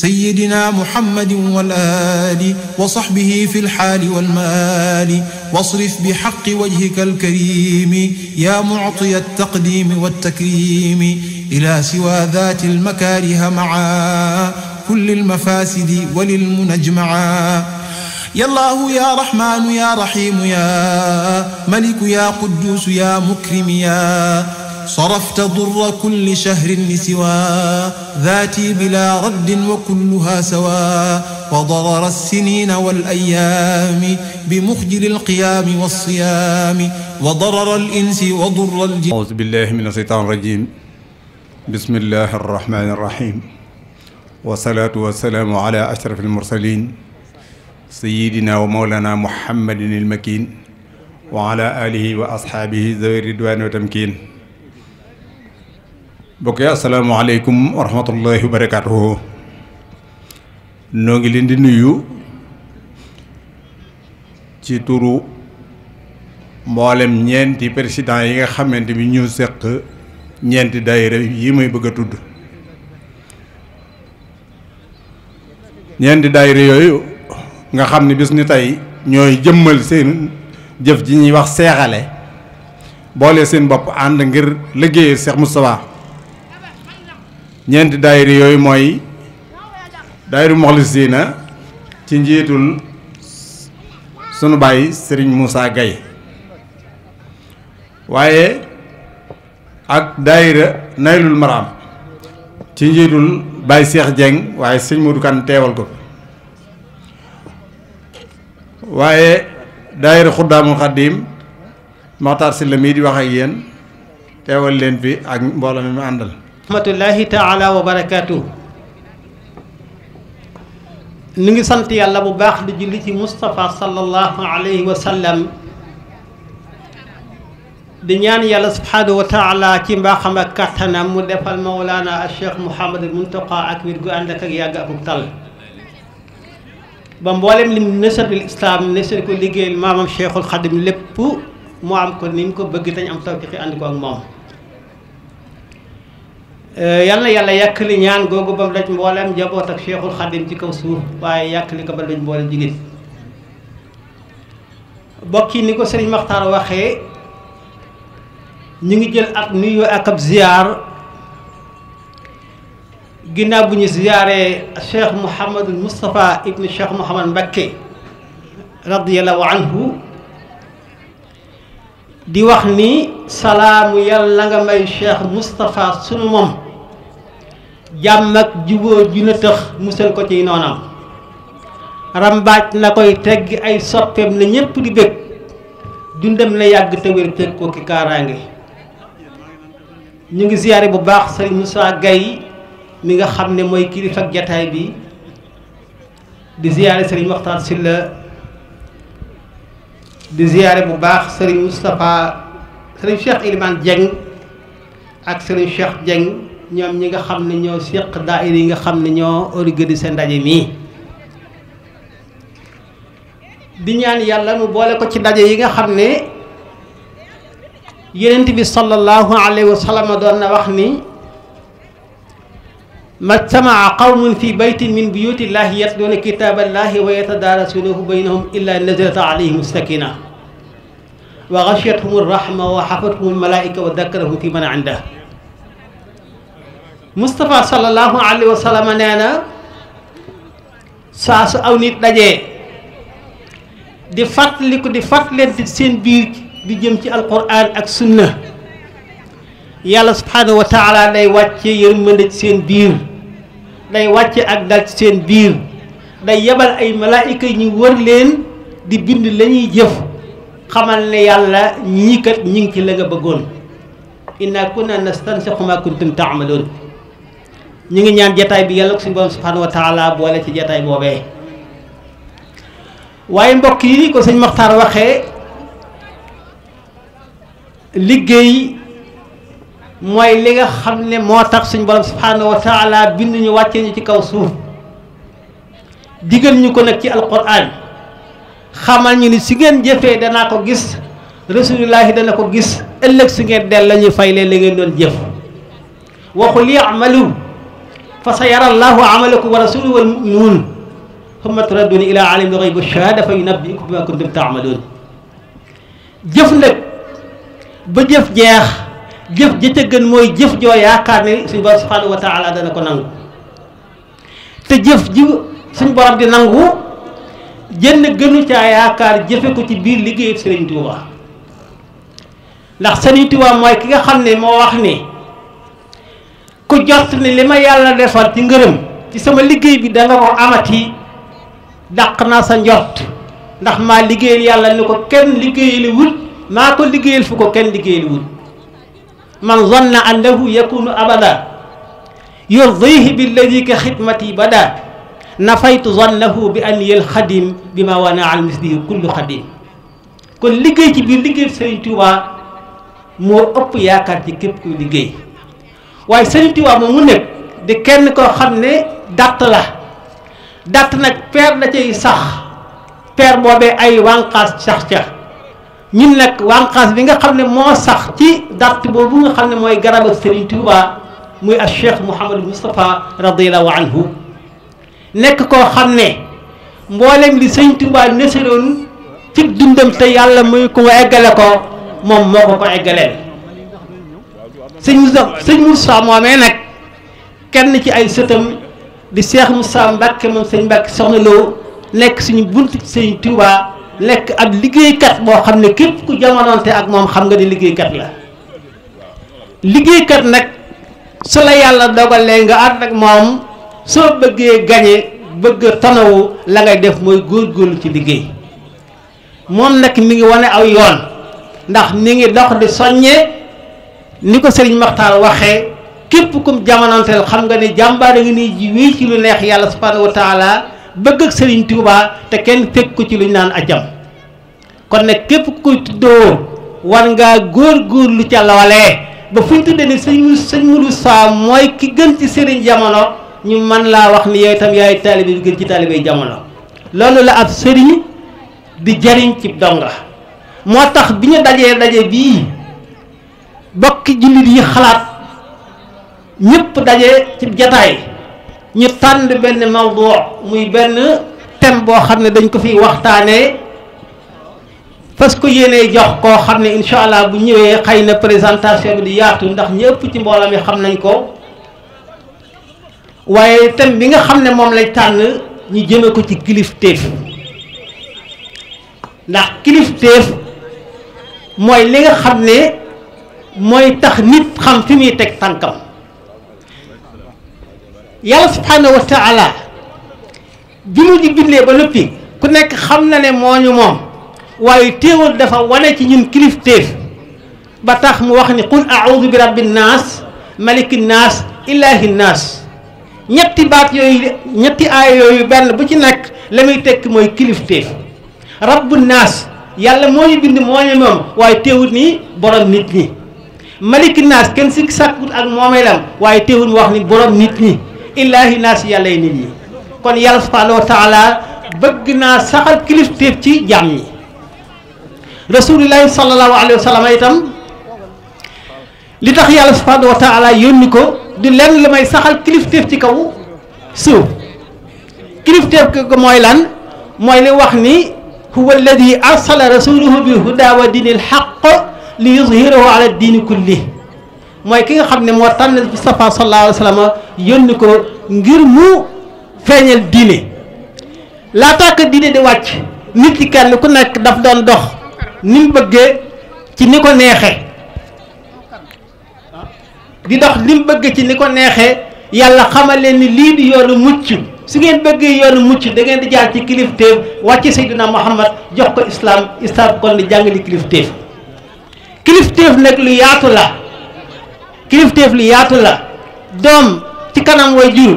سيدنا محمد والآل وصحبه في الحال والمال واصرف بحق وجهك الكريم يا معطي التقديم والتكريم إلى سوى ذات المكاره معا كل المفاسد وللمنجمعا يا الله يا رحمن يا رحيم يا ملك يا قدوس يا مكرم يا صرفت ضر كل شهر لسوى ذاتي بلا رد وكلها سوى وضرر السنين والأيام بمخجل القيام والصيام وضرر الإنس وضر الجن أعوذ بالله من الشيطان الرجيم بسم الله الرحمن الرحيم والصلاة والسلام على أشرف المرسلين سيدنا ومولانا محمد المكين وعلى آله وأصحابه ذوي الردوان وتمكين mbokk yi asalaamaaleykum wa rahmatullahi wa barakaatuhu noo ngi leen di nuyu ci turu mboolem ñeenti président yi nga xamante bi ñu seq ñeenti daayira yi may bëgg a tudd ñeenti daayira yooyu nga xam ne bis ni tey ñooy jëmmal seen jëf ji ñuy wax seexale boole seen bopp ànd ngir liggéeyal Cheikh Moustapha ñeenti daayira yooyu mooy daayiru Moxlisina ci njiitul sunu bàyyi Serigne Moussa Gaye waaye ak daayira Naylul Maram ci njiitul Baye Cheikh Dieng waaye sëñ Modou Kane teewal ko fi waaye daayira Xuddaamul Xaddiim Maxtaar Silla mii di wax ak yéen teewal leen bi ak mbooloo mi mu àndal رحمه الله تعالى وبركاته نغي سانت يالا بو باخ مصطفى صلى الله عليه وسلم دي نيان يالا سبحانه وتعالى تي مباخما كاتنا مو ديفال الشيخ محمد المنتقى اكبر غو اندك ياغ ابو تال بام بولم لي نسب الاسلام نسب كو الشيخ مامام شيخ مو عم كو نيم كو بغي تاني ام توفيق Eh, yal na yàlla yàkkali ñaan googu ba mu daj mboolem jaboot ak Cheikhul Khadim ci kaw suuf waaye yàkkali ko ba daj mboolem jigéen bokk yi ni ko sëriñ Maxtaar waxee ñu ngi jël ak nuyu ak ab ziyaar ginnaaw bu ñu ziyaaree Cheikh Mouhamadul Moustapha ibnu Cheikh Mouhamad Mbakke radiyallahu anhu di wax ni salaamu yàlla nga may Cheikh Moustapha sunu moom jàmm ak jubóo ju na mu musal ko ciy noonam rambaaj na koy tegg ay soppeem na ñépp di bëgg dundam na yàgg te wér ko ki kaaraange ñu ngi ziyaare bu baax sëriñ Moussa Gaye mi nga xam ne mooy kilifa ak jataay bi di ziyaare sëriñ Maxtaar Silla di ziyaare bu baax sëriñ Moustapha sëriñ Cheikh Ilimane Dieng ak sëriñ Cheikh Dieng ñom ñi nga xamni ño sekk séq daayira yi nga xam ne ñoo organisé ndaje mii di ñaan yàlla mu boole ko ci dajé yi nga xam ne bi sallallahu alayhi wa sallam doon na wax ni majtamaa qawmun fi baytin min buyutillahi yatluuna kitaaballahi wa yatadaarasuunahu baynahum illaa nazalat alayhim sakina wa gashiyatuhum rahma wa xafathum almalaika wa dakarahum fi Moustapha sallallahu alayhi wa sallam nee na saa su aw nit dajee di fàttaliku di fàttalante seen biir di jëm ci alquran ak sunna yàlla subhanahu wa day wàcce yërmande ci seen biir day wàcce ak dal ci seen biir day yebal ay malaayika ñu wër leen di bind lañuy ñuy jëf xamal ne yàlla ñii kat ñi ngi ci la nga bëggoon inna kunna nastansikhu ma kuntum taamaloon ñi ngi ñaan jotaay bi yalla suñu borom subhanahu wa taala boole ci jotaay bobé waye mbokk yi ko señ maxtaar waxé liggéey moy li nga xamné mo tax suñu borom subhanahu wa taala bind ñu waccé ñu ci kaw suuf digal ñu ko nak ci alquran xamal ñu ni su ngeen jëfee danaa ko gis rasulullahi dana ko gis ëlëk su ngeen del la fay lé li ngeen doon jëf waxu fa sa yara allahu amalakum wa rasuluhu wal muminuun thumma turadduna ila alimi l ghaybi wash-shahada fa yunabbiukum bima kuntum taamaluun jëf nag ba jëf jeex jëf ja ca gën mooy jëf joo yaakaar ne suñu borom jëf ji suñ borom di nangu jënn gënu caa yaakaar jëfe ko ci biir liggéey Sëriñ Tuuba ndax Sëriñ mooy ki nga xam ne moo wax ne ku jot ni li ma yàlla defal ci ngërëm ci sama liggéey bi da nga ko amati daq naa sa njort ndax maa liggéeyal yàlla ni ko kenn liggéeyali wut maa ko liggéeyal fu ko kenn liggéeyali wut man zanna annahu yakunu abada yurdihi billadi ka xidmati bada nafaytu zannahu bi an yel xadim bi ma wana al mislihi kullu xadim kon liggéey ci biir liggéey Sëriñ Tuubaa moo ëpp yaakaar ci képp kuy liggéey waaye Sëriñ Tuubaa moom mu nekk di kenn koo xam ne datt la datt nag peer da cay sax peer boobee ay wànqaas sax ca ñun nekk wànqaas bi nga xam ne moo sax ci datt boobu nga xam ne mooy garab ak Sëriñ Tuubaa muy ak Cheikh Mouhamadou Moustapha radiyallahu anhu nekk koo xam ne mboolem li sëñ Tuubaa neseroon ci dundam te yàlla muy ko eggale ko moom moo ko ko eggaleel sëñ Moussa sëñ Moussa moomee nag kenn ci ay sëtam di Cheikh Moussa Mbacke moom sëñ Mbacke soxna Lo nekk suñu bunt ci sëñ Touba nekk ab liggéeykat boo xam ne képp ku jamonoonte ak moom xam nga di liggéeykat la liggéeykat nag su la yàlla dogalee nga ànd ak moom soo bëggee gañe bëgg a tanawu la ngay def mooy góorgóorlu ci liggéey moom nag mi ngi wane aw yoon ndax mi ngi dox di soññe ni ko sëriñ Maxtaar waxee képp kum jamonoonteel xam nga ne jàmbaar ngi nii ji wéy ci lu neex yàlla subhaanahu wa taala bëgg ak sëriñ Tuubaa te kenn fekk ko ci lu ñu naan ajam kon nag képp ku koy tuddoo war ngaa góor lu ca loolee ba fu ñu tuddee ne sëñ sëñ Mudu Saa mooy ki gën ci sëriñ jamono ñu mën laa wax ni yow itam yaay taalibe bi gën ci taalibe jamono loolu la ab sëriñ di jariñ ci donga moo tax bi ñu dajee daje bii bokki jullit yi xalaat ñëpp daje ci jataay ñu tànn benn mawdu muy benn thème boo xam ne dañ ko fi waxtaanee parce ko yéenee jox koo xam ne incha allah bu ñëwee xëy na présentation bi di yaatu ndax ñëpp ci mboolam mi xam nañ ko waaye thème bi nga xam ne moom lay tànn ñu jëme ko ci kilifteef ndax kilifteef mooy li nga xam ne mooy tax nit xam fi muy teg tànkam yàlla subhanahu wa taala bi mu di ba noppi ku nekk xam na ne moo ñu moom waaye téewal dafa wane ci ñun kilifteef ba tax mu wax ni qul aaudu bi rabbi naas maliki naas ilaahi naas ñetti baat yooyu ñetti aay yooyu benn bu ci nekk la muy tekki mooy kilifteef rabbu naas yàlla moo ñu bind moo ñu moom waaye téewul nii borom nit ñi maliki naas kenn si sàkkut ak moomeelam waaye teewul mu wax ni borom nit ñi illaahi naas yàlla nit ñi kon yàlla subhaanahu wa taala bëgg naa saxal kilifteef ci jaam ñi rasulillahi sallallahu alayhi wa sallam itam li tax yàlla subhaanahu wa taala yónni ko di lenn lu may saxal kilifteef ci kaw suuf kilifteef ko mooy lan mooy li wax ni huwa alladi arsala rasulahu bi huda wa diinil xaq li yuzhirahu ala diini kulli mooy ki nga xam ne moo tànnal Mustafa sallallahu alayhi wa yónni ko ngir mu feeñal diine laataa ko diine di wàcc nit ki kenn ku nekk daf doon dox ni mu bëggee ci ni ko neexee di dox ni mu bëggee ci ni ko neexee yàlla xamal leen ni lii di yoonu mucc su ngeen bëggee yoonu mucc da ngeen di jaar ci kilifteef wàcc Seydina Muhammad jox ko islaam islaam kon di jàngale kilifteef kilifteef nag lu yaatu la kilifteef lu yaatu la doom ci kanam way jur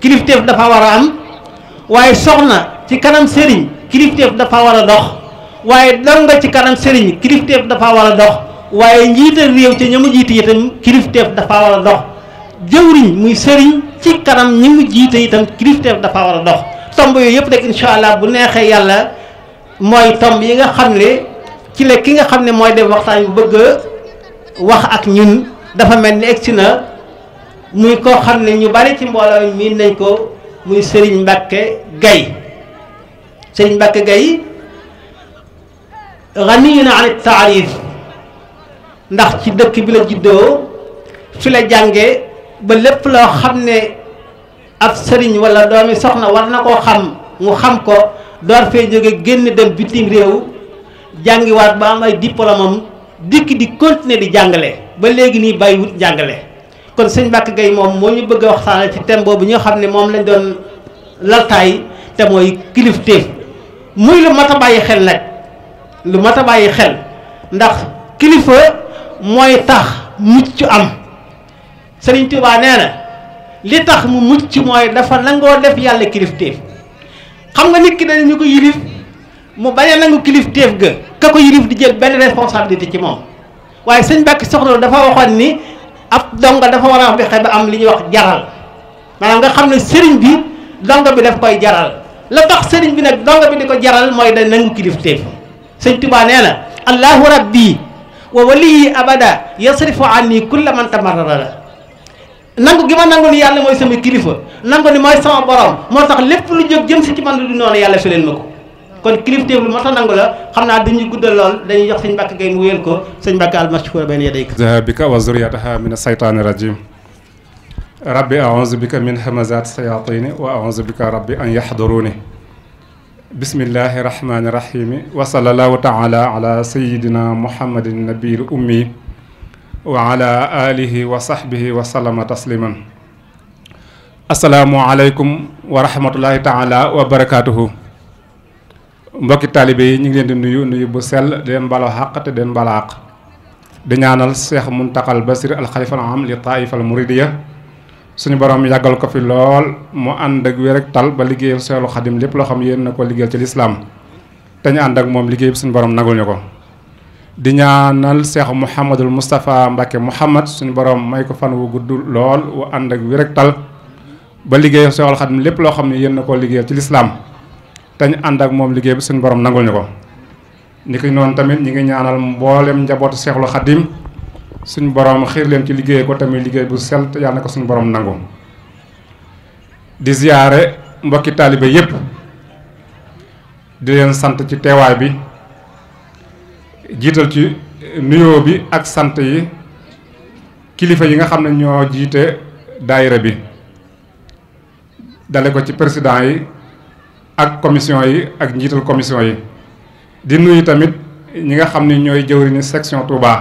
kilifteef dafa war a am waaye soxna ci kanam sëriñ kilifteef dafa war a dox waaye donga ci kanam sëriñ kilifteef dafa war a dox waaye njiital réew ci ña mu jiite itam kilifteef dafa war a dox jëwriñ muy sëriñ ci kanam ñi mu jiite itam kilifteef dafa war a dox tomb yooyu yëpp rek incha allah bu neexee yàlla mooy tomb yi nga xam ne ci la ki nga xam ne mooy def waxtaan yu bëgg wax ak ñun dafa mel ni egsi na muy koo xam ne ñu bari ci mbooloo miin nañ ko muy Serigne Mbacke Gaye Serigne Mbacke Gaye ganiyun an taarif ndax ci dëkk bi la juddoo fi la jànge ba lépp loo xam ne ab sëriñ wala doomi soxna war na koo xam mu xam ko door fee jóge génn dem bitim réew jàngiwaat ba am ay diplôme dikk di continuer di jàngale ba léegi nii bàyyi wut jàngale kon sëñ Mbacke Gueye moom moo ñu bëgg a waxtaanal ci thème boobu ñoo xam ne moom lañ doon laltaay te mooy kilifteef muy lu mat a bàyyi xel nag lu mat a bàyyi xel ndax kilifa mooy tax mucc am Serigne Touba nee na li tax mu mucc mooy dafa nangoo def yàlla kilifteef xam nga nit ki dañu ko yilif mu bañ a nangu kilifteef ga ka ko yilif di jël benn responsabilité ci moom waaye sëñ Mbàkke soxna dafa waxoon ni ab donga dafa war a fexe ba am li ñuy wax jaral maanaam nga xam ne sëriñ bi donga bi daf koy jaral la tax sëriñ bi nag donga bi di ko jaral mooy day nangu kilifteef sëñ Tuubaa nee na allahu rabbi wa waliyi abada yasrifu anni kulla man tamarrara la nangu gi ma nangu ni yàlla mooy sama kilifa nangu ni mooy sama borom moo tax lépp lu jóg jëm si ci man lu du yàlla fi leen ma ko kon kilifteef lu mata nangula xamna la xam naa dañuy guddal lool dañuy jox sëñ Mbàkke Gaye mu wéyal ko sëñ Mbàkke almashkuur bayna yadayk bika wa zuriyataha min ash-shaytanir rajim rabbi a'udhu bika min hamazaati shayatin wa a'udhu bika rabbi an yaxduruni بسم الله الرحمن الرحيم وصلى الله تعالى على سيدنا محمد النبي الأمي وعلى آله وصحبه وسلم تسليما السلام عليكم ورحمة الله تعالى وبركاته mbokki talibé yi ñi ngi leen di nuyu nuyu bu sel di leen balo xaq te di leen baloo di ñaanal cheikh muntakal basir al khalifa al am li taif al muridiya suñu borom yagal ko fi lool mu and ak wér ak tal ba liggéeyal seelu xadim lepp lo xam yeen nako ko liggéeyal ci l'islam te ñu and ak mom liggéey suñu borom nagul ñuko di ñaanal cheikh seex al mustafa mbàkke muhammad suñu borom may ko fan wu gudd lool wu and ak wér ak tal ba liggéeyal seelu xadim lepp lo xam yeen nako na liggéeyal ci l'islam tañ Anda ak mom liggéey bi suñu borom nangul ñuko niki non tamit ñi ngi ñaanal mboolem njabot cheikhul khadim suñu borom xir leen ci liggéey ko tamit liggéey bu sel ta yalla ko suñu borom nangu di ziaré mbokki talibé yépp di leen sante ci téway bi jital ci nuyo bi ak sante yi kilifa yi nga xam ñoo jiite daayira bi dalé ko ci président yi ak commission yi ak njiital commission yi di nuyu tamit ñi nga xamni ñoy ñooy jëwriñu section Touba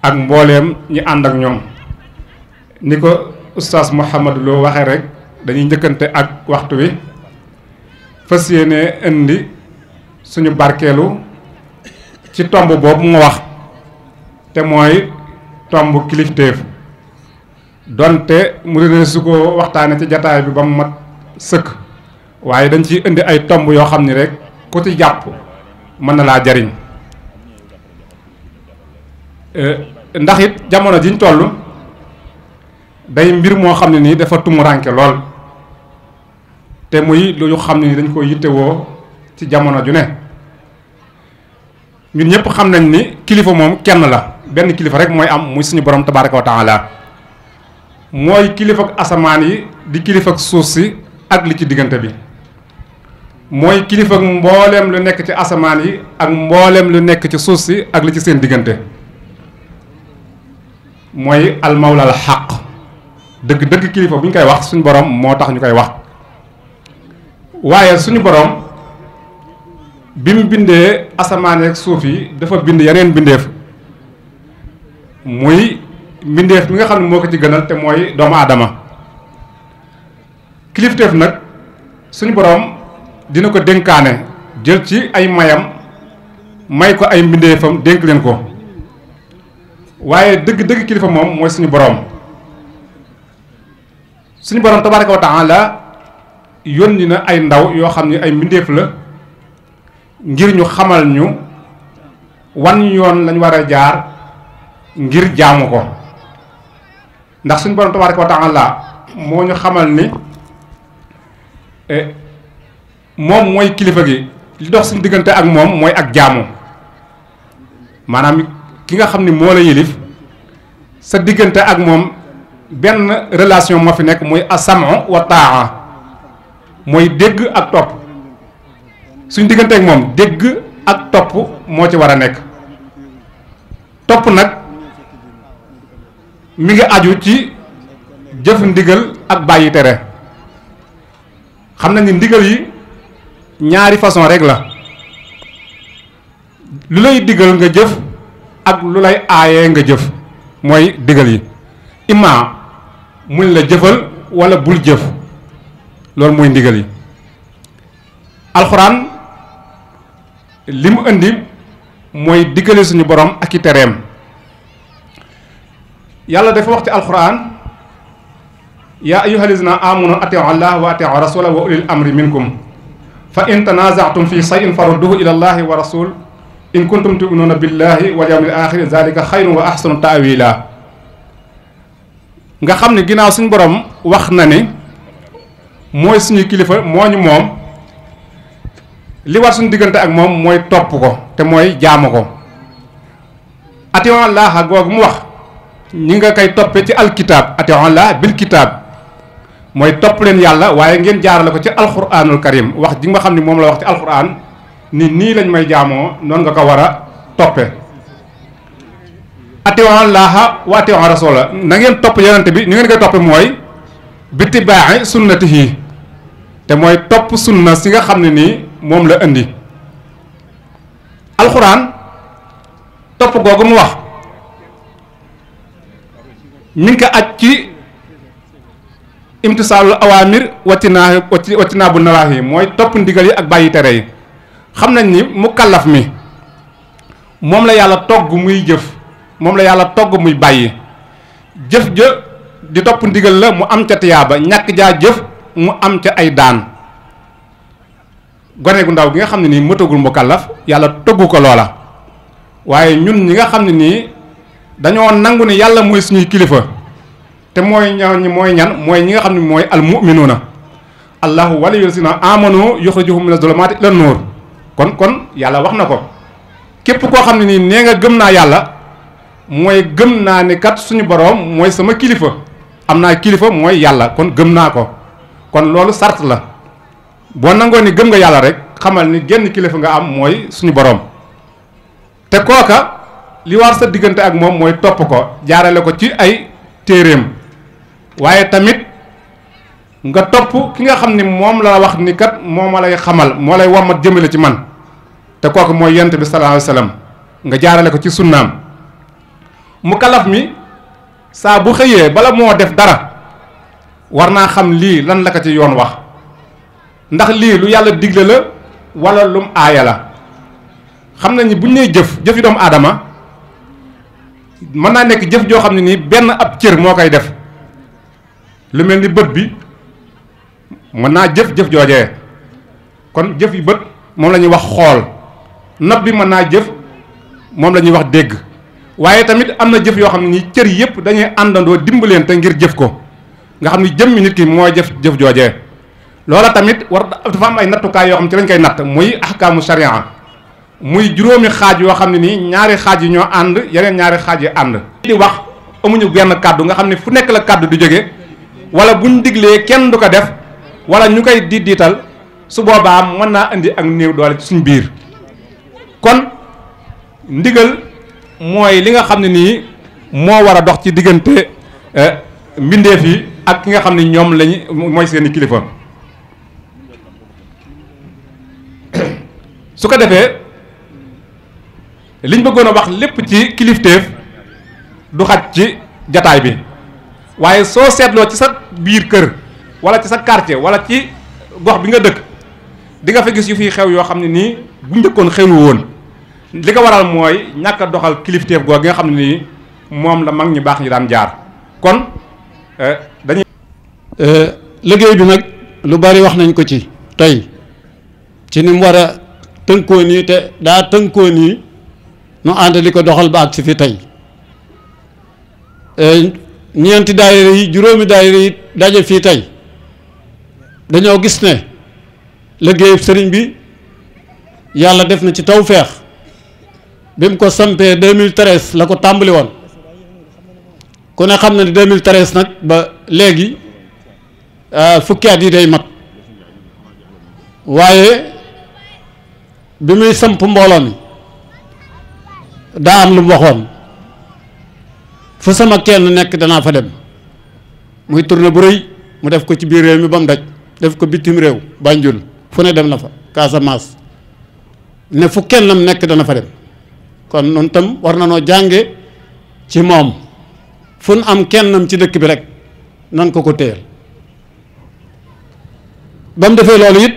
ak mbollem ñi and ak ñom niko oustaz mohammed Lo waxe rek dañuy ñëkënte ak waxtu wi fassiyene indi suñu barkelu ci tombe boobu mu wax te moy tombe kliftef donte mu dina suko waxtane ci jotaay bi bam mat seuk waye dañ ci indi ay tomb yoo xamni rek ku ci japp man na la jariñ eh, ndax it jamono jiñ tollu day mbir mo xamni ni dafa tumu ranké lol té muy lu ñu xamni dañ ni yitté wo ci jamono ju né ñun ñëpp xam nañ ni kilifa moom kenn la benn kilifa rek mooy am muy suñu borom tabaraka wa taala mooy kilifa ak asamaan yi di kilifa ak suuf si ak li ci diggante bi mooy kilifa mbooleem lu nekk ci asamaan yi ak mbooleem lu nekk ci suuf si ak li ci seen diggante mooy almawlal xaq dëgg-dëgg kilifa bu ñu koy wax suñu boroom moo tax ñu koy wax waaye suñu boroom bi mu bindee asamaan ak suuf yi dafa bind yeneen bindeef muy mbindeef mi nga xam ne moo ko ci gënal te mooy doomu aadama kilifteef nag suñu borom. dina ko dénkaane jël ci ay mayam may ko ay mbindeefam dénk leen ko waaye dëgg-dëgg kilifa moom mooy suñu boroom suñu boroom tabaraka wa la yónni na ay ndaw yoo xam ni ay mbindeef la ngir ñu xamal ñu wan yoon lañ war a jaar ngir jaamu ko ndax suñu boroom tabaraka wa taala moo ñu xamal ni eh, mom moy kilifa gi li dox sun diggante ak mom moy ak jaamu manam ki nga xamni ni la yelif sa diggante ak mom ben relation mo fi nek moy asamu wa taa moy dégg ak top suñ diggante ak mom dégg ak top mo ci wara nek top nak mi nga aju ci jëf ndigal ak bàyyi tere xamna ni ndigal yi ñaari façon rek la lu lay diggal nga jëf ak lu lay aaye nga jëf mooy digal yi imma muñ la jëfal wala bul jëf loolu mooy ndigal yi alxuraan li mu indi mooy diggale suñu borom ak i tereem yàlla dafa wax ci alxuraan yaa ayyuhal lazina amanu atiu allah wa atiu rasula wa ulil amri minkum فإن تنازعتم في شيء فردوه إلى الله ورسول إن كنتم تؤمنون بالله واليوم الآخر ذلك خير وأحسن تأويلا nga xamni ginaaw suñu borom wax na ni moy suñu kilifa moo ñu moom li war suñu digënté ak mom moy top ko te moy jaamu ko atiwan laaha mu wax ñi nga koy ci alkitab atiwan bil kitab mooy topp leen yàlla waaye ngeen jaarale ko ci alquranul karim wax ji nga xam ne moom la wax ci alquran ni nii lañ may jaamoo noonu nga ko war a toppe atiwan laaha wa atiwan rasula na topp yonente bi ni ngeen koy toppe mooy biti baaxi sunnatihi te mooy topp sunna si nga xam ne nii moom la indi alxuraan topp googu mu wax mi ko aj ci imtisalul awamir watina watina bu nawaahi moy top ndigal yi ak bàyyi tere yi xamnañ ni mukallaf mi mom la yalla togg muy jëf mom la yalla togg muy bàyyi jëf je di top ndigal la mu am ca tiyaba ñak ja jëf mu am ca ay daan gone gu ndaw gi nga xamni ni nii mukallaf yalla togg ko lola waye ñun ñi nga xamni ni dañoo nangu ni yalla moy suñu kilifa te mooy ñooñu mooy ñan mooy ñi nga xam ni mooy al muminuuna allahu waliyu lazina amanu yuxrijuhum mina zulumaati ila nuur kon kon yàlla wax na ko képp koo xam ne nii nee nga gëm naa yàlla mooy gëm naa ne kat suñu boroom mooy sama kilifa am naa kilifa mooy yàlla kon gëm naa ko kon loolu sart la boo nangoo ni gëm nga yàlla rek xamal ni génn kilifa nga am mooy suñu boroom te kooka li war sa diggante ak moom mooy topp ko jaarale ko ci ay téeréem waaye tamit nga topp ki nga xam ni moom la wax ni kat moo ma lay xamal moo lay wammat jëmale ci man te kooku mooy yent bi sallallahu alayhi nga jaarale ko ci sunnaam mu kalaf mi saa bu xëyee bala moo def dara war naa xam lii lan la ko ci yoon wax ndax lii lu yàlla digle la wala lum aaya la xam nañu bu ñu nee jëf jëf yi doomu aadama mën naa nekk jëf joo xam ne nii benn ab cër moo koy def lu melni beut bi man na jëf jëf jojé kon jëf yi beut mom lañuy wax xol nab bi man na jëf mom lañuy wax deg waye tamit amna na jëf yoo cër yépp dañuy andando dimbulen te ngir jëf ko nga xamni jëm nit ki mo jëf jëf jojé lola tamit war dafa am ay nattukaay yo xamni ci lañ koy nat muy ahkamu sharia muy juróomi xaj yo xamni ni ñaari xaj ñoo and yeneen ñaari xaj yi and di wax amuñu benn kaddu nga xamni fu nek la kaddu di jóge wala buñ diglee kenn du ko def wala ñu koy diital su boobaa mën naa indi ak néew doole ci suñ biir kon ndigal mooy li nga xam ne nii moo war a dox ci diggante eh, mbindeef yi ak ki nga xam ne ñoom lañu mooy seeni kilifa su ko defee liñ bëggoon a wax lépp ci kilifteef du xaj ci jataay bi waaye soo seetloo ci sa biir kër wala ci sa quartier wala ci gox bi nga dëkk di nga fa gis yu fiy xew yoo xam ne nii bu njëkkoon xewlu woon li ko waral mooy ñàkk doxal kilifteef googu nga xam ne nii moom la mag ñi baax ñi daan jaar kon euh, dañuy. Euh, liggéey bi nag lu bari wax nañ ko ci tey ci ni mu war a tënkoo nii te daa tënkoo nii nu ànd li ko doxal ba ak si fi tey. Euh, ñeenti daayira yi juróomi daayira yi daje fii tey dañoo gis ne liggéeyu sëriñ bi yàlla def na ci tawféex bi mu ko sampee 2013 la ko tàmbali woon ku ne xam na ne 2013 nag ba léegi euh, fukki at yi day mat waaye bi muy samp mbooloo mi daa am lu mu waxoon fu sama kenn nekk danaa fa dem muy tournée bu rëy mu def ko ci biir réew mi ba mu daj def ko bitim réew Banjul fu ne dem na fa Casamance ne fu kennam nekk dana fa dem kon noonu war na noo jànge ci moom fu nu am kennam ci dëkk bi rek nan ko ko téyel ba mu defee loolu it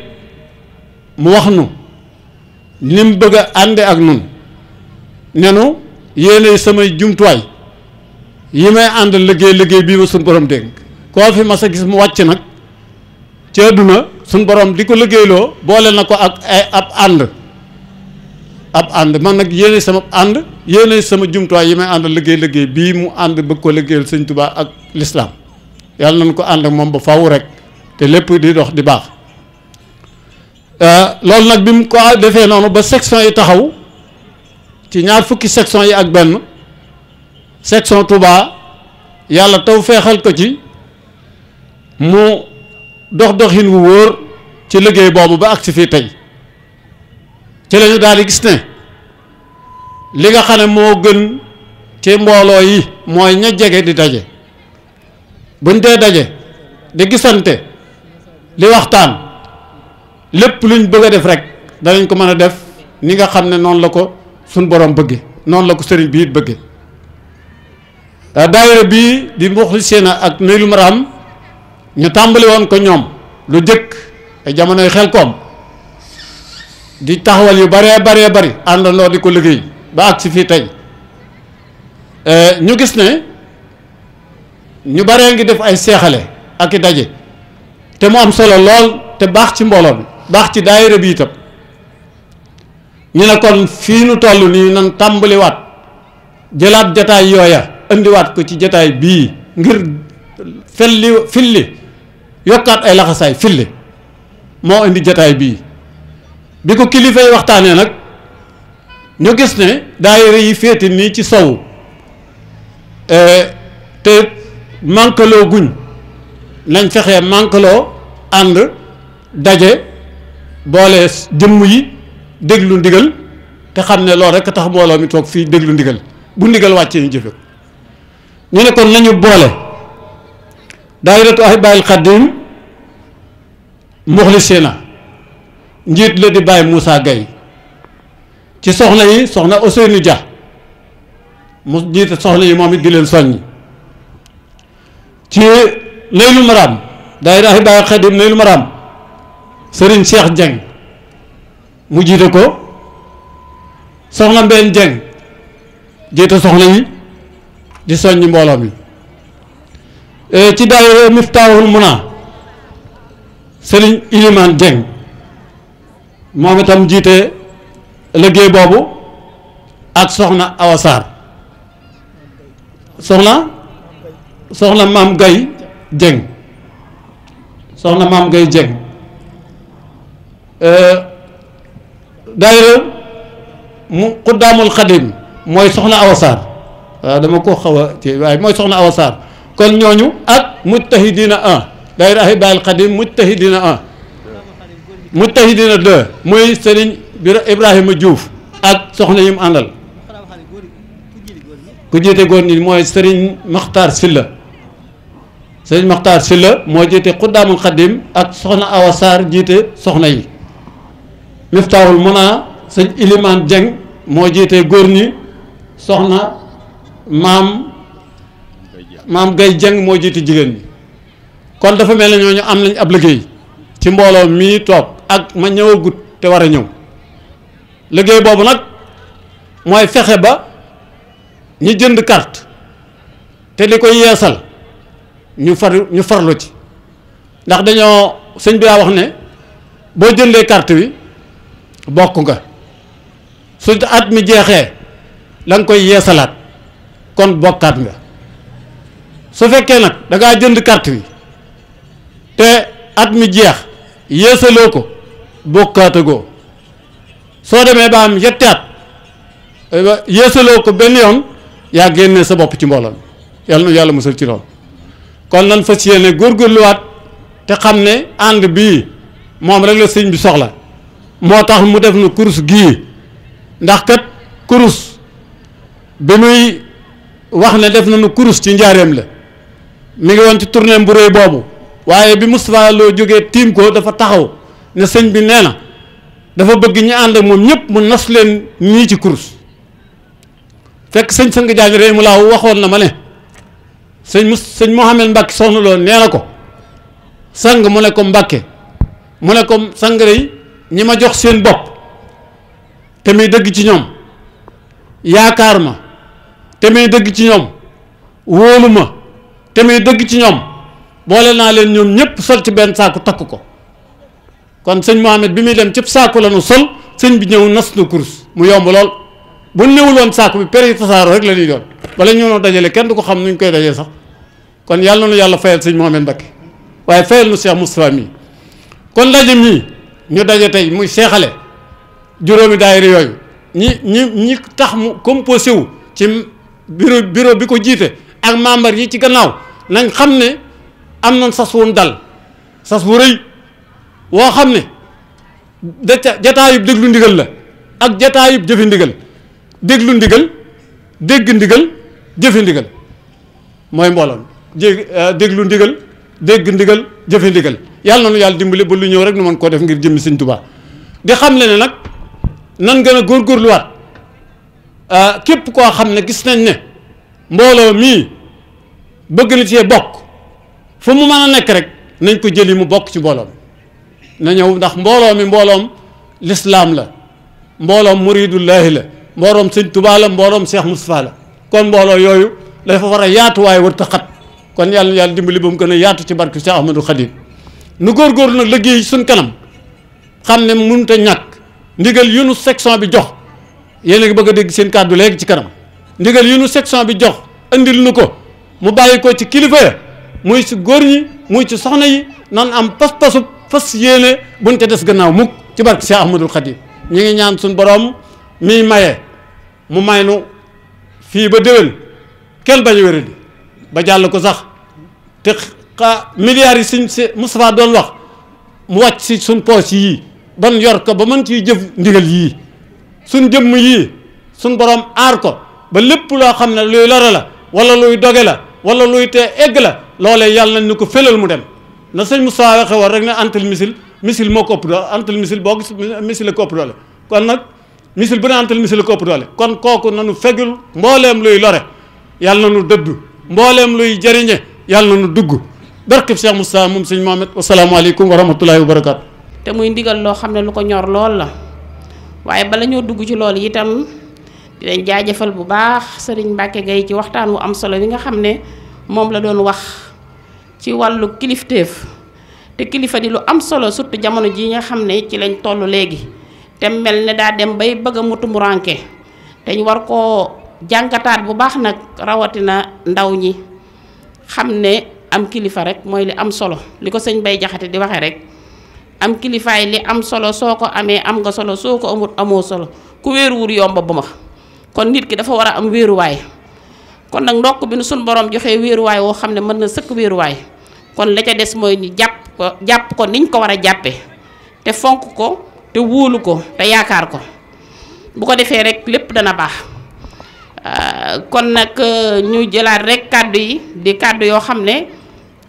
mu wax nu ni mu bëgg a ànde ak nun nenu yéenay samay jumtuwaay yi may àndal liggéey liggéey bii ma suñ borom dénk koo fi mas a gis mu wàcc nag ci àdduna suñ borom di ko liggéeyloo boole na ko ak ab ànd ab ànd man nag yéene sama ànd yéene sama jumtuwaay yi may àndal liggéey liggéey bii mu ànd bëgg ko liggéeyal sañ Tuubaa ak lislaam yàlla nañ ko ànd moom ba faw rek te lépp di dox di baax euh, loolu nag bi mu ko defee noonu ba section yi taxaw ci ñaar fukki section yi ak benn section Touba yàlla taw feexal ko ci mu dox doxin wu wóor ci liggéey boobu ba si fii tey ci lañu daal di gis ne li nga xam ne moo gën ci mbooloo yi mooy ña jege di daje buñ dee daje di gisante di waxtaan lépp luñ bëgg a def rek danañ ko mën a def ni nga xam ne noonu la ko suñ borom bëgge noonu la ko sëriñ bi it bëgge Euh, daayira bi di mukhlisina ak nuyul maram ñu tambali won ko ñom lu jekk e jamono xel kom di taxawal yu bare bare bari lo di ko liggey ba ak ci tay euh ñu gis ne ñu bare ngi def ay seexale ak te am solo lol te bax ci mbooloo bi ci daayira bi tam ñu na kon fi ñu tollu ni nan wat jotaay indiwaat ko ci jataay bii ngir felli filli yokkaat ay laxasaay filli moo indi jataay bii bi ko kilifa waxtaanee nag ñu gis ne daayira yi féete nii ci sow e, te manqueloo guñ nañ fexee manqueloo ànd daje boole jëmm yi déglu ndigal te xam ne loolu rek tax mbooloo mi toog fii déglu ndigal bu ndigal wàccee ñu jëfe ko ñu ne kon nañu boole daayiratu ahibbaayil xaddiim muxlisina njiit la di bàyyi Moussa Gaye ci soxna yi soxna Ousseynou Dia mu jiite soxna yi moom it di leen soññ ci Naylu Maram daayira ahibbaayil xaddiim Naylu Maram Serigne Cheikh Dieng mu jiite ko soxna Mbène Dieng jiite soxna yi di soññ mbooloo mi e, ci daayira Miftaahul Muna Sëriñ Ilimaan Jeng moom itam jiite liggéey boobu ak soxna Awa soxna soxna maam Gay Jeng soxna maam Gay Jeng e, daayira mu Xuddaamul Xadim mooy soxna Awa dama ko xaw a ci waaye mooy soxna Awa Sarr kon ñooñu ak mujtahidina un daayira Hibaayil Xadim mujtahidina un mujtahidina deux muy Serigne Ibrahima Diouf ak soxna yi mu àndal ku jiite góor ñi mooy Serigne Makhtar Silla Serigne Makhtar Silla moo jiite Xuddaamul Xadim ak soxna Awa Sarr soxna yi Miftaahul Muna sëñ Ilimane Dieng moo jiite góor ñi soxna maam maam gay jeng moo jiitu jigéen ñi kon dafa mel ne ñooñu am nañ ab liggéey ci mbooloo mii toog ak ma ñëwagut te war a ñëw liggéey boobu nag mooy fexe ba ñi jënd kart te di koy yeesal ñu far ñu farlu ci ndax dañoo sëñ bi daa wax ne boo jëndee kart wi bokk nga su at mi jeexee la koy yeesalaat kon bokkat nga su fekke nak da nga jënd carte bi té at mi jeex yeesaloo ko bokkaatagoo soo demee ba am yettat at yeesaloo ko yoon ya génné sa bop ci mbooloo yalla nu yalla musal ci lool kon nan fas yéene góorgóorluwaat te xam ne ànd bii moom rek la sëñ bi soxla motax mu def na course gii ndax kat course bi muy wax ne def nañu kurus ci njaareem la mi ngi woon ci tournée bu réy boobu waaye bi Moustapha Lo jógee tiim ko dafa taxaw ne sëñ bi nee na dafa bëgg ñu ànd ak moom ñëpp mu nas leen ñii ci kurus fekk sëñ sëng jaañ réy mu laaw waxoon na ma ne sëñ mus sëñ Mouhamed Mbacke soxna Lo nee na ko sang mu ne ko Mbacke mu ne ko sang rey ñi ma jox seen bopp te muy dëgg ci ñoom yaakaar ma te dëgg ci ñoom wóolu ma te may dëgg ci ñoom boole naa leen ñoom ñëpp sol ci benn saaku takk ko kon sëñ Mohamed bi muy dem cëpp saaku la nu sol sëñ bi ñëw nas na kurus mu yomb lool bu newu woon saaku bi pere yi tasaaro rek la ñuy doon bala ñu noo dajale kenn du ko xam nuñ koy dajee sax kon yàlla na yàlla fayal sëñ Mohamed Mbacké waaye fayal nu Cheikh Moustapha mii kon daje mii ñu daje tey muy seexale juróomi daayira yooyu ñi ñi ñi tax mu composé wu bureau bureau bi ko jiite ak membre yi ci gannaaw nañ xam ne am nañ sas woon dal sas bu rëy woo xam ne da ca jataayub déglu ndigal la ak jataayub jëfe ndigal déglu ndigal dégg ndigal jëfe ndigal mooy mbooloon jé euh, ndigal dégg ndigal jëfe ndigal yàlla noonu yàlla dimbali ba lu ñëw rek nu mën koo def ngir jëmmi sëñ Tuubaa di xam le ne nag nan gën a góorgóorluwaat Euh, képp koo xam ne gis nañ ne mbooloo mii bëgg na cee bokk fu mu mën a nekk rek nañ ko jël jëli mu bokk ci mbooloom na ñëw ndax mbooloo mi mbooloom lislaam la mbooloom muridullahi la mbooloom sëñ Tuubaa la mbooloom seex Moustapha la kon mbooloo yooyu dafa war a yaatu waaye ta xat kon yàlla yàlla dimbali ba mu gën a yaatu ci barke Cheikh Ahmadou Khadim nu góorgóorlu nag liggéey suñ kanam xam ne mënut a ñàkk ndigal yu nu section bi jox yéen a ngi bëgg a dégg seen kàddu léegi ci kanam ndigal yi nu section bi jox andil nu ko mu bàyyi ko ci kilifa ya muy ci góor ñi muy ci soxna yi nan am pas-pasub fas yéene buñ te des gannaaw mukk ci barke Cheikh Ahmadul Khadim ñu ngi ñaan suñ borom miy maye mu may nu fii ba déwén kenn bañ a ba jàll ko sax te xa milliards yi suñ si Moustapha doon wax mu wàcc si suñ poos yii ban yor ko ba mën ciy jëf ndigal yii suñ jëmm yii suñ borom aar ko ba lépp loo xam ne luy lore la wala luy doge la wala luy tee egg la loolee yàlla nañ ni ko fëlal mu dem na sëñ Moussa waxe war rek ne antal misil misil moo ko ëpp doole antal misil boo gis misil la ko ëpp doole kon nag misil bu ne antal misil la ko ëpp doole kon kooku nanu fegul mbooleem luy lore yàlla na nanu dëddu mbooleem luy jëriñe yàlla na nanu dugg barkeb Cheikh Moussa moom sëñ Mohamed wasalaamualeykum wa rahmatullahi wa barakaatu. te muy ndigal loo xam ne lu ko ñor lool la. waaye bala ñoo dugg ci loolu itam di leen jaajëfal bu baax sëriñ Mbacke gay ci waxtaan wu am solo li nga xam ne moom la doon wax ci wàllu kilifteef te kilifa di lu am solo surtout jamono ji nga xam ne ci lañ toll léegi te mel ne daa dem bay bëgg mu rànke dañ war koo jàngataat bu baax nag rawatina ndaw ñi xam ne am kilifa rek mooy li am solo li ko sëñ Bay Jaxate di waxe rek. am kilifaay li am solo soo ko amee am nga solo soo ko amut amoo solo ku wéeruwul yomb bu ma kon nit ki dafa war a am wéeruwaay kon nag ndokk bi nu suñ borom joxee wéeruwaay woo xam ne mën na sëkk wéeruwaay kon la ca des mooy ñu jàpp ko jàpp ko niñ ko war a jàppee te fonk ko te wóolu ko te yaakaar ko bu ko defee rek lépp dana baax euh, kon nag euh, ñu jëlaat rek kàddu yi di kàddu yoo xam ne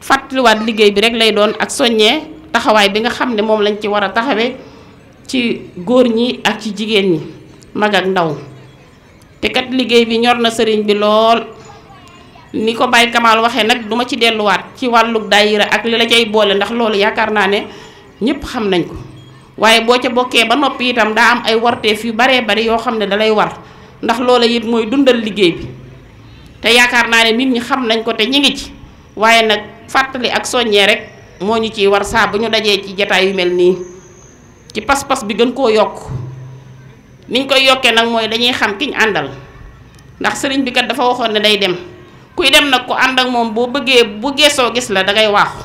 fàttaliwaat liggéey bi rek lay doon ak soññee. taxawaay bi nga xam ne moom lañ ci war a taxawee ci góor ñi ak ci jigéen ñi mag ak ndaw te kat liggéey bi ñor na sëriñ bi lool ni ko Baye Kamal waxee nag duma ci delluwaat ci wàllug daayira ak li la cay boole ndax loolu yaakaar naa ne ñépp xam nañ ko waaye boo ca bokkee ba noppi itam daa am ay warteef yu baree bari yoo xam ne dalay war ndax loola it mooy dundal liggéey bi te yaakaar naa ne nit ñi xam nañ ko te ñi ngi ci waaye nag fàttali ak soññee rek moo ñu ciy war saa bu ñu dajee ci jataay yu mel nii ci pas-pas bi gën koo yokk niñ koy yokkee nag mooy dañuy xam kiñ àndal ndax sëriñ bi kat dafa waxoon ne day dem kuy dem nag ku ànd ak moom boo bëggee bu geesoo gis la dangay waaxu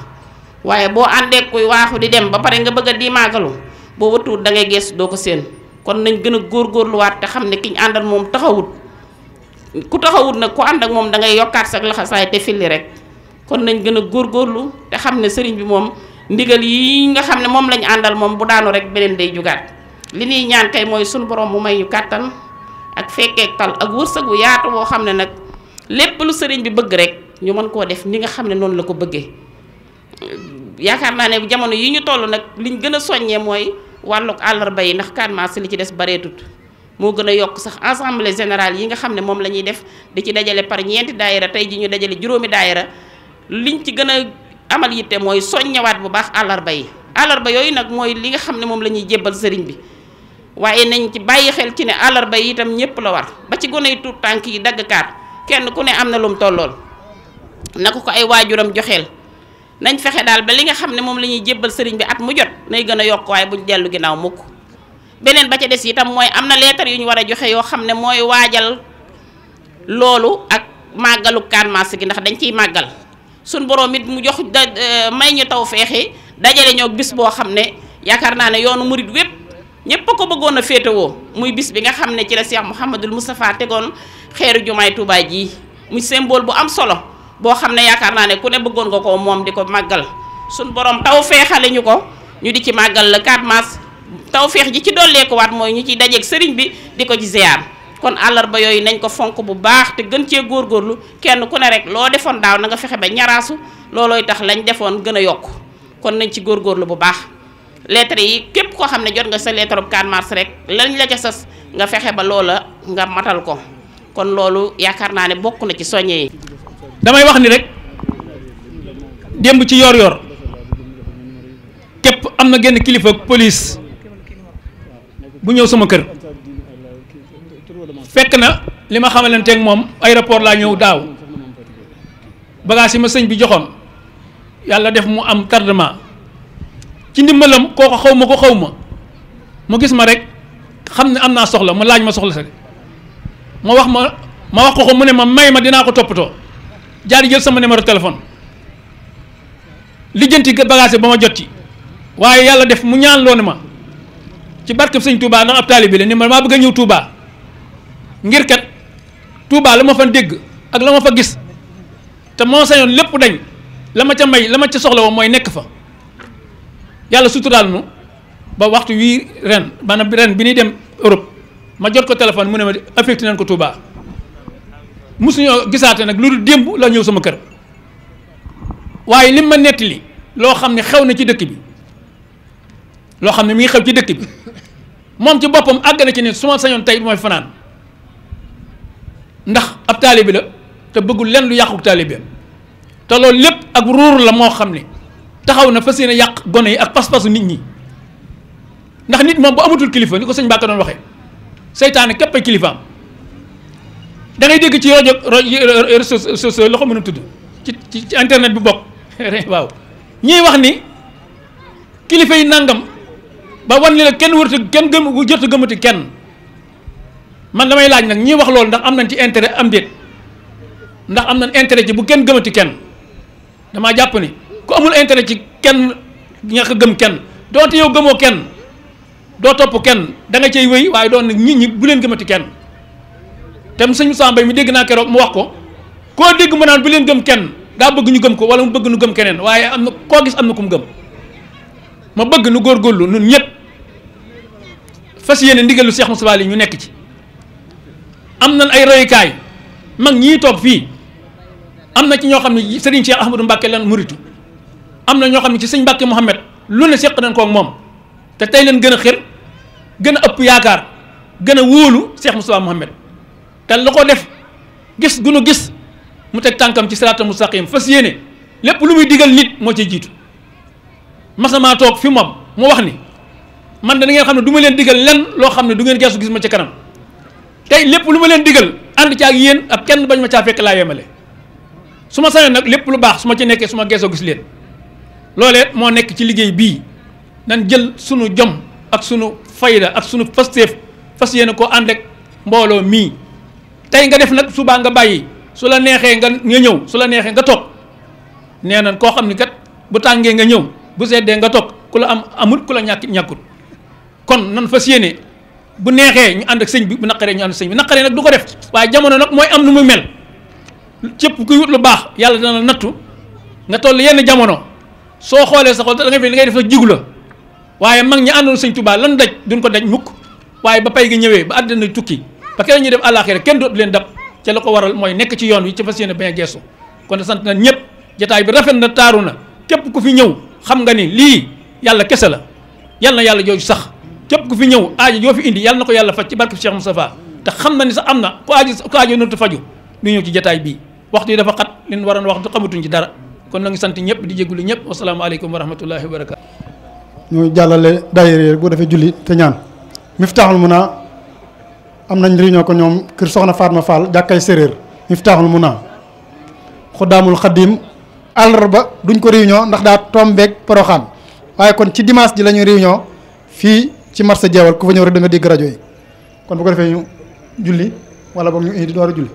waaye boo àndee kuy waaxu di dem ba pare nga bëgg a diimaagalu boo watuwut dangay gees doo ko séen kon nañ gën a góorgóorluwaat te xam ne kiñ àndal moom taxawut ku taxawut nag ku ànd ak moom dangay yokkaat sa laxasaay te filli rek kon nañ gën a góor góorlu te xam ne sëriñ bi moom ndigal yi nga xam ne moom lañ àndal moom bu daanu rek beneen day jugaat li ñuy ñaan mooy sunu borom mu may ñu kàttan ak fekkeek tal ak wërsëg wu woo xam ne nag lépp lu sëriñ bi bëgg rek ñu mën koo def ni nga xam ne noonu la ko bëggee yaakaar naa ne jamono yi ñu toll nag liñ gën a soññee mooy wàllug àllarba yi ndax quatre li ci des bareetut moo gën a yokk sax assemblée générale yi nga xam ne moom la ñuy def di ci dajale par ñeenti daayira tey ji ñu dajale juróomi daayara liñ ci gën a amal yitte mooy soññawaat bu baax àllarba yi àllarba yooyu nag mooy li nga xam ne moom la ñuy jébbal sëriñ bi waaye nañ ci bàyyi xel ci ne àllarba yi itam ñëpp la war ba ci gone yi tuut tànk yi dagg kenn ku ne am na lum tollool na ko ko ay waajuram joxeel nañ fexe daal ba li nga xam ne moom la ñuy jébbal sëriñ bi at mu jot nay gën a yokk waaye buñ dellu ginnaaw mukk beneen ba ca des itam mooy am na leetar yu ñu war a joxe yoo xam ne mooy waajal loolu ak màggalu Kan gi ndax dañ ciy màggal suñ borom it mu jox da eh, may ñu taw feexi dajale ñoo bis boo xam ne yaakaar naa ne yoonu murit wépp ñépp a ko bëggoon a féetewoo muy bis bi nga xam ne ci la Cheikh Mouhamadul Moustapha tegoon xeeru jumaay Touba ji muy symbole bu am solo boo xam ne yaakaar naa ne ku ne bëggoon nga ko moom di ko màggal suñ borom taw feexale ñu ko ñu di ci màggal la 4 mars taw feex ji ci dolleekuwaat mooy ñu ciy dajeek sëriñ bi di ko ci ziar. kon ba yoy nañ ko fonk bu baax te gën gor góorgóorlu kenn ku ne rek lo defon daw na nga fexé ba ñaraasu loloy tax lañ defon gëna yok kon nañ ci góorgóorlu bu baax lettre yi kep ko xamne jot nga sa lettre 4 mars rek lañ la ca sas nga fexé ba loola nga matal ko kon lolu yaakaar naa ne bokku na ci soñé damay wax ni rek demb ci yor yor kep amna genn kilifa police bu ñew sama kër fekk na li ma xamalanteeg moom aéroport laa ñëw daaw bagage yi ma sëñ bi joxoon yàlla def mu am tardement ci ndimbalam kooku xaw ma ko xaw ma mu gis ma rek xam ne am naa soxla mu laaj ma soxla sa ma wax ma ma wax ko ko mu ne ma may ma dinaa ko toppatoo jaari jël sama numéro téléphone lijjanti bagage ba ma jot ci waaye yàlla def mu ñaan loon ma ci barkeb sëñ Touba ndax ab taalibe la ni ma maa bëgg ñëw Touba. ngir kat Touba la ma fa dégg ak la ma fa gis te moo sañoon lépp dañ la ma ca may la ma ca soxla woon mooy nekk fa yàlla suturaal mu ba waxtu wii ren maanaam ren bi ñuy dem Europe ma jot ko téléphone mu ne ma affecté nañ ko Touba mosuñoo gisaate nag lu dul démb la ñëw sama kër waaye li ma nettali loo xam ne xew na ci dëkk bi loo xam ne mi ngi xew ci dëkk bi moom ci boppam àgg na ci ne su ma sañoon tey mooy fanaan ndax ab taalibi la te bëggul lenn lu yàqu taalibeem te loolu lépp ak ruur la moo xam ne taxaw na fas yéene yàq gone yi ak pas-pasu nit ñi ndax nit moom bu amatul kilifa ni ko sëñ Mbacke doon waxee seytaane képp ay kilifaam da dégg ci rajo réseaux sociaux loxo mën a tudd ci ci internet bi bokk waaw ñuy wax ni kilifa yi nangam ba wan ni la kenn wërta kenn gëm jërta gëmati kenn man damay laaj nag ñi wax loolu ndax am nañ ci intérêt am déet ndax am nañ intérêt ci bu kenn gëmati kenn damaa jàpp ni ku amul intérêt ci kenn ñàkk gëm kenn doonte yow gëmoo kenn doo topp kenn da nga cay wéy waaye doon nag nit ñi bu leen gëmati kenn te sëñ Moussa Mbaye mi dégg naa keroog mu wax ko koo dégg mu naan bu leen gëm kenn daa bëgg ñu gëm ko wala mu bëgg nu gëm keneen waaye am na koo gis am na ku mu gëm ma bëgg nu góorgóorlu nun ñëpp fas yéene ndigalu Cheikh Moussa Mbaye ñu nekk ci am nañ ay royukaay mag ñii toog fii am na ci ñoo xam ne Serigne Cheikh Ahmadou Mbacke leen muritu am na ñoo xam ne ci sëñ Mbacke Mouhamed lu ne seq nañ ko ak moom te tey leen gën a xër gën a ëpp yaakaar gën a wóolu Cheikh Moustapha Mouhamed te la ko def gis gunu gis mu teg tànkam ci siraatal mustaqim fa yéene lépp lu muy digal nit moo ciy jiitu masama toog fi moom mu wax ni man da ngeen xam ne du ma leen digal len loo xam ne du ngeen geesu gis ma ci kanam. tey lépp lu ma leen digal ànd ci ak yéen ak kenn bañ ma caa fekk laa yemale su ma sañoon nag lépp lu baax su ma ci nekkee suma ma geesoo gis leen loolee moo nekk ci liggéey bii nan jël sunu jom ak sunu fayda ak sunu fasteef fas yéene koo ànd ak mbooloo mii tey nga def nag subaa nga bàyyi su la neexee nga nga ñëw su la neexee nga toog nee nan koo xam ni kat bu tàngee nga ñëw bu seddee nga toog ku la am amut ku la ñàkk ñàkkut kon nan fas yéene bu neexee ñu ànd sëñ bi bu naqaree ñu ànd sëñ bi naqaree nag du ko def waaye jamono nag mooy am nu mu mel cëpp kuy wut lu baax yàlla dana nattu nga toll yenn jamono soo xoolee sa xol da nga fi li ngay def sa jigu la waaye mag ñi àndoon sëñ Tuubaa lan daj duñ ko daj mukk waaye ba pay gi ñëwee ba àddina tukki ba a ñu dem àllaaxira kenn dootu leen dab ca la ko waral mooy nekk ci yoon wi ci fas yéene bañ geesu kon sant na ñëpp jataay bi rafet na taaru na képp ku fi ñëw xam nga ni lii yàlla kese la yàlla na yàlla jooju sax képp ku fi ñew aaji yo fi indi yalla nako yalla yàlla barke Cheikh Moustapha te xam na ni sa amna ku aajo ku aajo noonu te faju ñu ñew ci jotaay bi waxtu dafa xat li waran waroon wax xamatuñ ci dara kon nga sant ñëpp di jégalu ñëpp alaykum wa rahmatullahi wa barakaatu. ñu jallale daayere bu dafa julli te ñaan miftahul Muna amna ñu riño ko ñom keur Soxna Fatma Fall jakkay serer miftahul Muna Xuddaamul khadim alraba duñ ko riño ndax da tombek Poroxaan waye kon ci dimanche ji lañu riño fi ci marché jeewal ku fa ñëw rek da nga dégg rajo yi kon bu ko defee ñu julli wala boog ñu indi door a julli